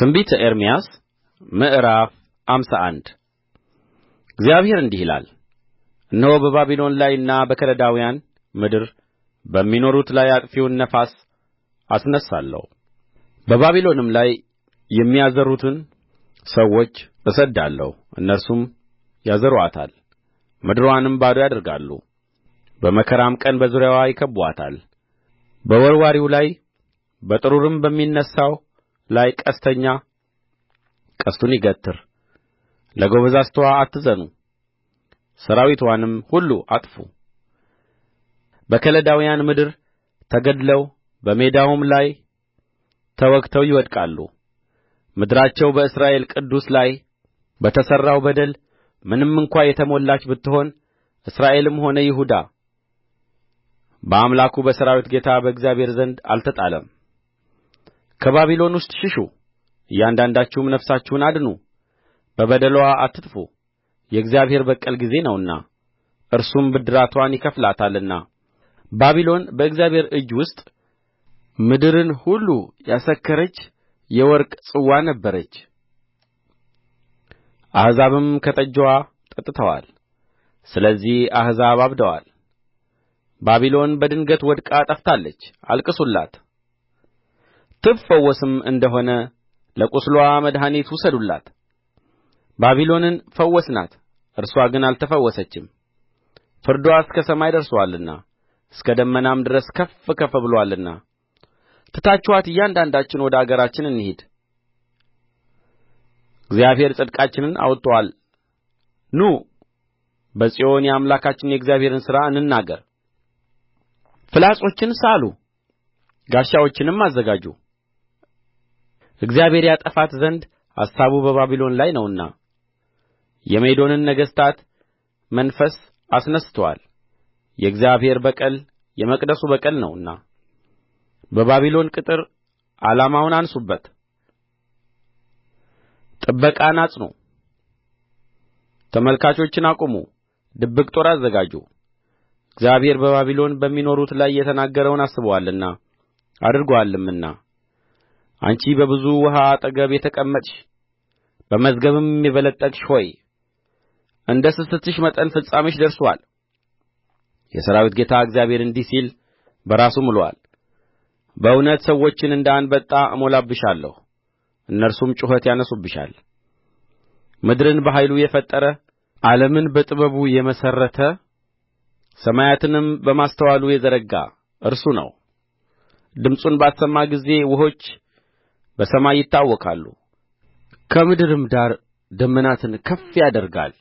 ትንቢተ ኤርምያስ ምዕራፍ ሃምሳ አንድ እግዚአብሔር እንዲህ ይላል እነሆ በባቢሎን ላይና በከለዳውያን ምድር በሚኖሩት ላይ አጥፊውን ነፋስ አስነሣለሁ በባቢሎንም ላይ የሚያዘሩትን ሰዎች እሰድዳለሁ እነርሱም ያዘሩአታል ምድርዋንም ባዶ ያደርጋሉ በመከራም ቀን በዙሪያዋ ይከብቡአታል በወርዋሪው ላይ በጥሩርም በሚነሣው ላይ ቀስተኛ ቀስቱን ይገትር ለጐበዛዝትዋ አትዘኑ ሠራዊትዋንም ሁሉ አጥፉ በከለዳውያን ምድር ተገድለው በሜዳውም ላይ ተወግተው ይወድቃሉ ምድራቸው በእስራኤል ቅዱስ ላይ በተሠራው በደል ምንም እንኳ የተሞላች ብትሆን እስራኤልም ሆነ ይሁዳ በአምላኩ በሠራዊት ጌታ በእግዚአብሔር ዘንድ አልተጣለም ከባቢሎን ውስጥ ሽሹ እያንዳንዳችሁም ነፍሳችሁን አድኑ በበደልዋ አትጥፉ የእግዚአብሔር በቀል ጊዜ ነውና እርሱም ብድራትዋን ይከፍላታልና ባቢሎን በእግዚአብሔር እጅ ውስጥ ምድርን ሁሉ ያሰከረች የወርቅ ጽዋ ነበረች አሕዛብም ከጠጅዋ ጠጥተዋል ስለዚህ አሕዛብ አብደዋል ባቢሎን በድንገት ወድቃ ጠፍታለች አልቅሱላት ትፈወስም እንደ ሆነ ለቍስልዋ መድኃኒት ውሰዱላት ባቢሎንን ፈወስናት እርስዋ ግን አልተፈወሰችም ፍርድዋ እስከ ሰማይ ደርሶአልና እስከ ደመናም ድረስ ከፍ ከፍ ብሎአልና ትታችኋት እያንዳንዳችን ወደ አገራችን እንሂድ እግዚአብሔር ጽድቃችንን አውጥቶአል ኑ በጽዮን የአምላካችንን የእግዚአብሔርን ሥራ እንናገር ፍላጾችን ሳሉ ጋሻዎችንም አዘጋጁ እግዚአብሔር ያጠፋት ዘንድ አሳቡ በባቢሎን ላይ ነውና የሜዶንን ነገሥታት መንፈስ አስነሥቶአል የእግዚአብሔር በቀል የመቅደሱ በቀል ነውና በባቢሎን ቅጥር ዓላማውን አንሡበት ጥበቃን አጽኑ ተመልካቾችን አቁሙ ድብቅ ጦር አዘጋጁ እግዚአብሔር በባቢሎን በሚኖሩት ላይ የተናገረውን አስቦአልና አድርጎአልምና አንቺ በብዙ ውኃ አጠገብ የተቀመጥሽ በመዝገብም የበለጠግሽ ሆይ እንደ ስስትሽ መጠን ፍጻሜሽ ደርሶአል የሠራዊት ጌታ እግዚአብሔር እንዲህ ሲል በራሱ ምሎአል በእውነት ሰዎችን እንደ አንበጣ እሞላብሻለሁ እነርሱም ጩኸት ያነሡብሻል ምድርን በኃይሉ የፈጠረ ዓለምን በጥበቡ የመሠረተ ሰማያትንም በማስተዋሉ የዘረጋ እርሱ ነው ድምፁን ባሰማ ጊዜ ውኆች በሰማይ ይታወካሉ ከምድርም ዳር ደመናትን ከፍ ያደርጋል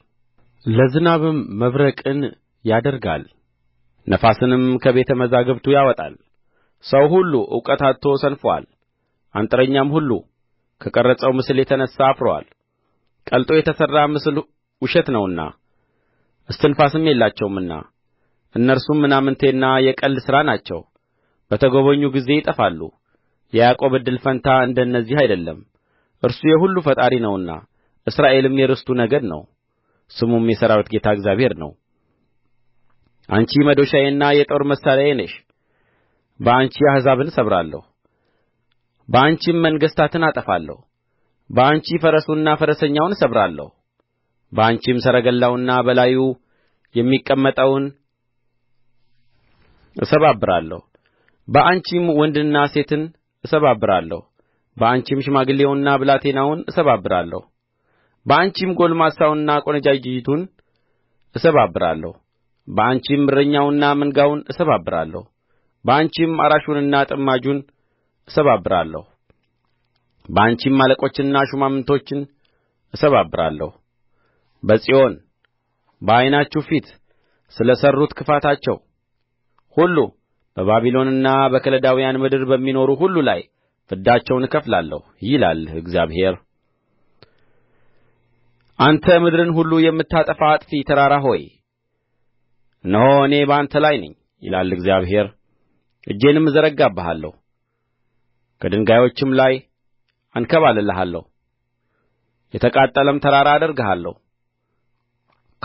ለዝናብም መብረቅን ያደርጋል ነፋስንም ከቤተ መዛግብቱ ያወጣል ሰው ሁሉ እውቀት አጥቶ ሰንፎአል አንጥረኛም ሁሉ ከቀረጸው ምስል የተነሣ አፍሮአል ቀልጦ የተሠራ ምስል ውሸት ነውና እስትንፋስም የላቸውምና እነርሱም ምናምንቴና የቀልድ ሥራ ናቸው በተጐበኙ ጊዜ ይጠፋሉ የያዕቆብ እድል ፈንታ እንደ እነዚህ አይደለም እርሱ የሁሉ ፈጣሪ ነውና እስራኤልም የርስቱ ነገድ ነው ስሙም የሠራዊት ጌታ እግዚአብሔር ነው አንቺ መዶሻዬና የጦር መሣሪያዬ ነሽ በአንቺ አሕዛብን እሰብራለሁ በአንቺም መንግሥታትን አጠፋለሁ በአንቺ ፈረሱና ፈረሰኛውን እሰብራለሁ በአንቺም ሰረገላውና በላዩ የሚቀመጠውን እሰባብራለሁ በአንቺም ወንድንና ሴትን እሰባብራለሁ በአንቺም ሽማግሌውንና ብላቴናውን እሰባብራለሁ በአንቺም ጕልማሳውንና ቈነጃጅቱን እሰባብራለሁ በአንቺም እረኛውንና መንጋውን እሰባብራለሁ በአንቺም አራሹንና ጥማጁን እሰባብራለሁ በአንቺም አለቆችንና ሹማምቶችን እሰባብራለሁ በጽዮን በዓይናችሁ ፊት ስለ ሠሩት ክፋታቸው ሁሉ በባቢሎንና በከለዳውያን ምድር በሚኖሩ ሁሉ ላይ ፍዳቸውን እከፍላለሁ ይላል እግዚአብሔር አንተ ምድርን ሁሉ የምታጠፋ አጥፊ ተራራ ሆይ እነሆ እኔ በአንተ ላይ ነኝ ይላል እግዚአብሔር እጄንም እዘረጋብሃለሁ ከድንጋዮችም ላይ አንከባልልሃለሁ የተቃጠለም ተራራ አደርግሃለሁ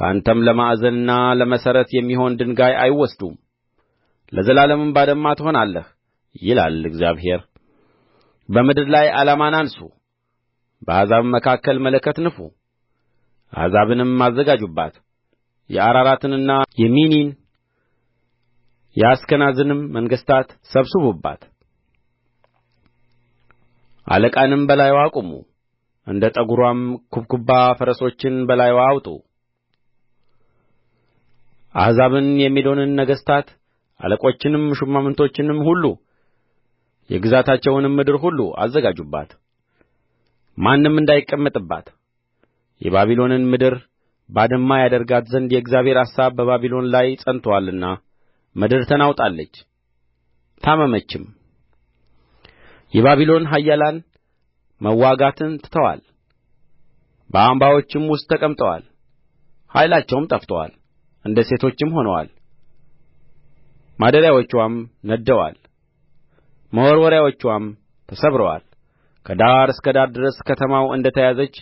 ከአንተም ለማዕዘንና ለመሠረት የሚሆን ድንጋይ አይወስዱም ለዘላለምም ባድማ ትሆናለህ ይላል እግዚአብሔር በምድር ላይ ዓላማን አንሡ በአሕዛብም መካከል መለከት ንፉ አሕዛብንም አዘጋጁባት የአራራትንና የሚኒን የአስከናዝንም መንግሥታት ሰብስቡባት አለቃንም በላይዋ አቁሙ እንደ ጠጕርዋም ኩብኩባ ፈረሶችን በላይዋ አውጡ አሕዛብን የሜዶንን ነገሥታት አለቆችንም ሹማምቶችንም ሁሉ የግዛታቸውንም ምድር ሁሉ አዘጋጁባት ማንም እንዳይቀመጥባት የባቢሎንን ምድር ባድማ ያደርጋት ዘንድ የእግዚአብሔር አሳብ በባቢሎን ላይ ጸንቶአልና ምድር ተናውጣለች ታመመችም የባቢሎን ኃያላን መዋጋትን ትተዋል በአምባዎችም ውስጥ ተቀምጠዋል ኃይላቸውም ጠፍቶአል እንደ ሴቶችም ሆነዋል ማደሪያዎችዋም ነድደዋል መወርወሪያዎችዋም ተሰብረዋል ከዳር እስከ ዳር ድረስ ከተማው እንደ ተያዘች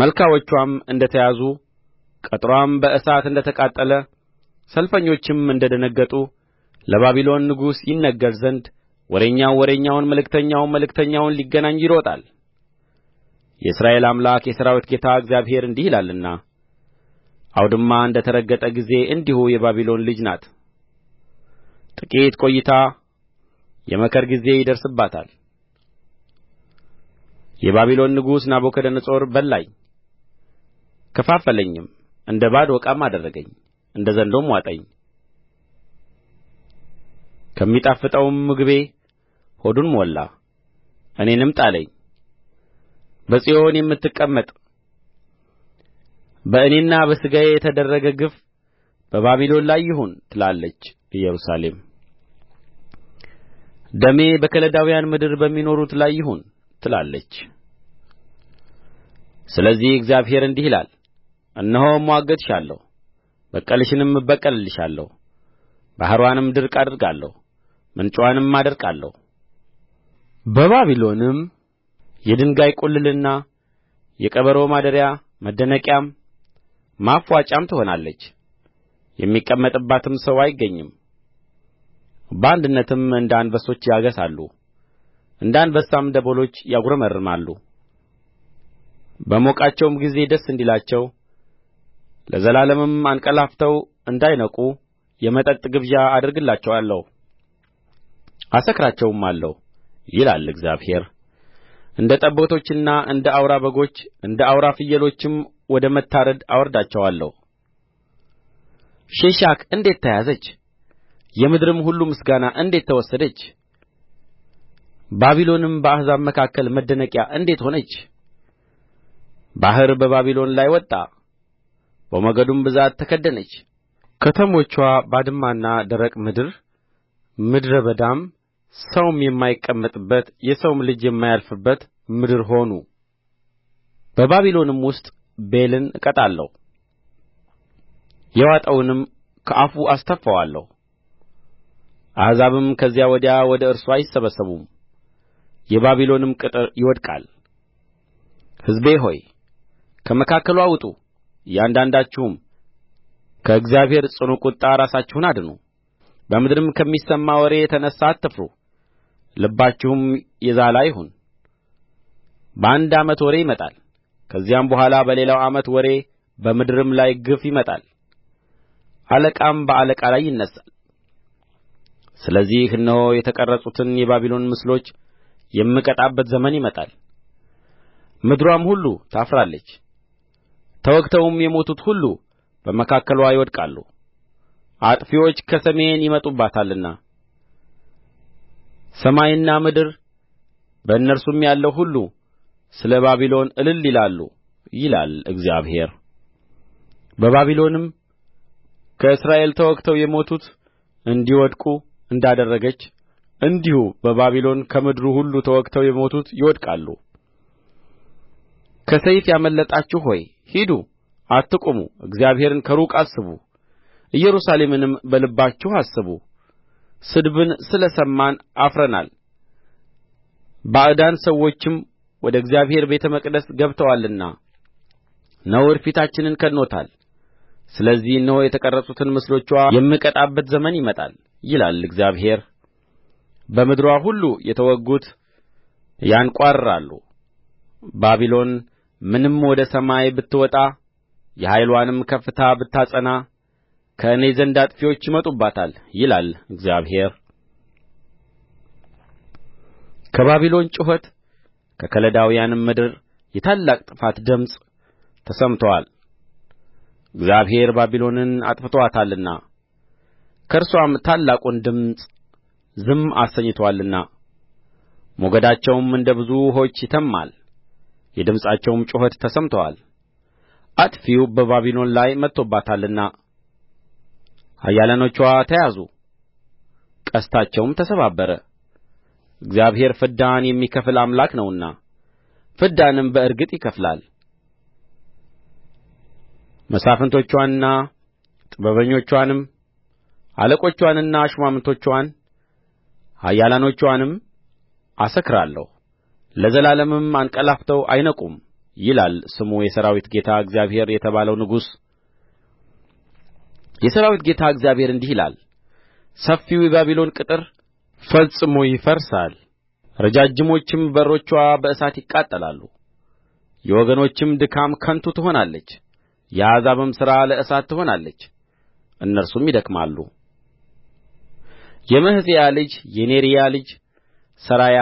መልካሞችዋም እንደ ተያዙ ቅጥርዋም በእሳት እንደ ተቃጠለ ሰልፈኞችም እንደ ደነገጡ ለባቢሎን ንጉሥ ይነገር ዘንድ ወሬኛው ወሬኛውን መልእክተኛውም መልእክተኛውን ሊገናኝ ይሮጣል የእስራኤል አምላክ የሠራዊት ጌታ እግዚአብሔር እንዲህ ይላልና አውድማ እንደ ተረገጠ ጊዜ እንዲሁ የባቢሎን ልጅ ናት ጥቂት ቆይታ የመከር ጊዜ ይደርስባታል የባቢሎን ንጉሥ ናቡከደነፆር በላኝ ከፋፈለኝም እንደ ባዶ ዕቃም አደረገኝ እንደ ዘንዶም ዋጠኝ ከሚጣፍጠውም ምግቤ ሆዱን ሞላ እኔንም ጣለኝ በጽዮን የምትቀመጥ በእኔና በሥጋዬ የተደረገ ግፍ በባቢሎን ላይ ይሁን ትላለች ኢየሩሳሌም ደሜ በከለዳውያን ምድር በሚኖሩት ላይ ይሁን ትላለች ስለዚህ እግዚአብሔር እንዲህ ይላል እነሆ እምዋገትልሻለሁ በቀልሽንም እበቀልልሻለሁ ባሕርዋንም ድርቅ አደርጋለሁ ምንጭዋንም አደርቃለሁ በባቢሎንም የድንጋይ ቁልልና የቀበሮ ማደሪያ መደነቂያም ማፍዋጫም ትሆናለች የሚቀመጥባትም ሰው አይገኝም በአንድነትም እንደ አንበሶች ያገሣሉ እንደ አንበሳም ደቦሎች ያጕረመርማሉ በሞቃቸውም ጊዜ ደስ እንዲላቸው ለዘላለምም አንቀላፍተው እንዳይነቁ የመጠጥ ግብዣ አደርግላቸዋለሁ አሰክራቸውማለሁ ይላል እግዚአብሔር እንደ ጠቦቶችና እንደ አውራ በጎች እንደ አውራ ፍየሎችም ወደ መታረድ አወርዳቸዋለሁ ሼሻክ እንዴት ተያዘች የምድርም ሁሉ ምስጋና እንዴት ተወሰደች ባቢሎንም በአሕዛብ መካከል መደነቂያ እንዴት ሆነች ባሕር በባቢሎን ላይ ወጣ በሞገዱም ብዛት ተከደነች ከተሞችዋ ባድማና ደረቅ ምድር ምድረ በዳም ሰውም የማይቀመጥበት የሰውም ልጅ የማያልፍበት ምድር ሆኑ በባቢሎንም ውስጥ ቤልን እቀጣለሁ የዋጠውንም ከአፉ አስተፋዋለሁ አሕዛብም ከዚያ ወዲያ ወደ እርሱ አይሰበሰቡም የባቢሎንም ቅጥር ይወድቃል ሕዝቤ ሆይ ከመካከሏ ውጡ እያንዳንዳችሁም ከእግዚአብሔር ጽኑ ቍጣ ራሳችሁን አድኑ በምድርም ከሚሰማ ወሬ የተነሣ አትፍሩ ልባችሁም የዛለ አይሁን በአንድ ዓመት ወሬ ይመጣል ከዚያም በኋላ በሌላው ዓመት ወሬ በምድርም ላይ ግፍ ይመጣል አለቃም በአለቃ ላይ ይነሣል ስለዚህ እነሆ የተቀረጹትን የባቢሎን ምስሎች የምቀጣበት ዘመን ይመጣል ምድርዋም ሁሉ ታፍራለች ተወግተውም የሞቱት ሁሉ በመካከልዋ ይወድቃሉ አጥፊዎች ከሰሜን ይመጡባታልና ሰማይና ምድር በእነርሱም ያለው ሁሉ ስለ ባቢሎን እልል ይላሉ ይላል እግዚአብሔር በባቢሎንም ከእስራኤል ተወግተው የሞቱት እንዲወድቁ እንዳደረገች እንዲሁ በባቢሎን ከምድሩ ሁሉ ተወግተው የሞቱት ይወድቃሉ ከሰይፍ ያመለጣችሁ ሆይ ሂዱ አትቁሙ እግዚአብሔርን ከሩቅ አስቡ ኢየሩሳሌምንም በልባችሁ አስቡ ስድብን ስለ ሰማን አፍረናል ባዕዳን ሰዎችም ወደ እግዚአብሔር ቤተ መቅደስ ገብተዋልና ነውር ፊታችንን ከድኖታል ስለዚህ እነሆ የተቀረጹትን ምስሎችዋ የምቀጣበት ዘመን ይመጣል ይላል እግዚአብሔር በምድርዋ ሁሉ የተወጉት ያንቋርራሉ ባቢሎን ምንም ወደ ሰማይ ብትወጣ የኃይልዋንም ከፍታ ብታጸና ከእኔ ዘንድ አጥፊዎች ይመጡባታል ይላል እግዚአብሔር ከባቢሎን ጩኸት ከከለዳውያንም ምድር የታላቅ ጥፋት ድምፅ ተሰምቶአል እግዚአብሔር ባቢሎንን አጥፍቶአታልና ከእርስዋም ታላቁን ድምፅ ዝም አሰኝቶአልና ሞገዳቸውም እንደ ብዙ ውኆች ይተምማል የድምፃቸውም ጩኸት ተሰምቶአል አጥፊው በባቢሎን ላይ መጥቶባታልና ኃያላኖችዋ ተያዙ ቀስታቸውም ተሰባበረ እግዚአብሔር ፍዳን የሚከፍል አምላክ ነውና ፍዳንም በእርግጥ ይከፍላል መሳፍንቶችዋንና ጥበበኞችዋንም አለቆችዋንና ሹማምቶችዋን ኃያላኖችዋንም አሰክራለሁ ለዘላለምም አንቀላፍተው አይነቁም ይላል ስሙ የሠራዊት ጌታ እግዚአብሔር የተባለው ንጉሥ የሠራዊት ጌታ እግዚአብሔር እንዲህ ይላል ሰፊው የባቢሎን ቅጥር ፈጽሞ ይፈርሳል ረጃጅሞችም በሮችዋ በእሳት ይቃጠላሉ የወገኖችም ድካም ከንቱ ትሆናለች የአሕዛብም ሥራ ለእሳት ትሆናለች እነርሱም ይደክማሉ የመሕሤያ ልጅ የኔርያ ልጅ ሠራያ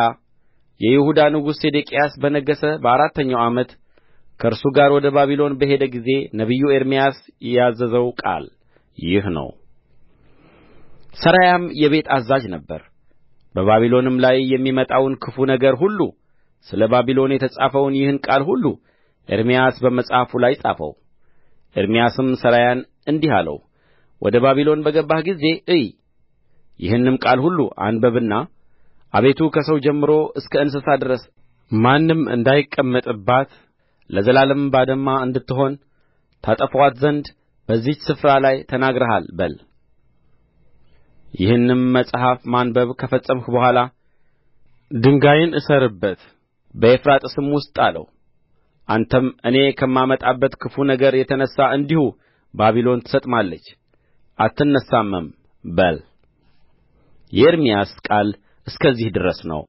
የይሁዳ ንጉሥ ሴዴቅያስ በነገሠ በአራተኛው ዓመት ከእርሱ ጋር ወደ ባቢሎን በሄደ ጊዜ ነቢዩ ኤርምያስ ያዘዘው ቃል ይህ ነው ሠራያም የቤት አዛዥ ነበረ በባቢሎንም ላይ የሚመጣውን ክፉ ነገር ሁሉ ስለ ባቢሎን የተጻፈውን ይህን ቃል ሁሉ ኤርምያስ በመጽሐፉ ላይ ጻፈው ኤርምያስም ሠራያን እንዲህ አለው ወደ ባቢሎን በገባህ ጊዜ እይ ይህንም ቃል ሁሉ አንብብና አቤቱ ከሰው ጀምሮ እስከ እንስሳ ድረስ ማንም እንዳይቀመጥባት ለዘላለምም ባድማ እንድትሆን ታጠፋት ዘንድ በዚህች ስፍራ ላይ ተናግረሃል በል ይህንም መጽሐፍ ማንበብ ከፈጸምህ በኋላ ድንጋይን እሰርበት በኤፍራጥስም ውስጥ ጣለው አንተም እኔ ከማመጣበት ክፉ ነገር የተነሣ እንዲሁ ባቢሎን ትሰጥማለች አትነሣምም በል የኤርምያስ ቃል እስከዚህ ድረስ ነው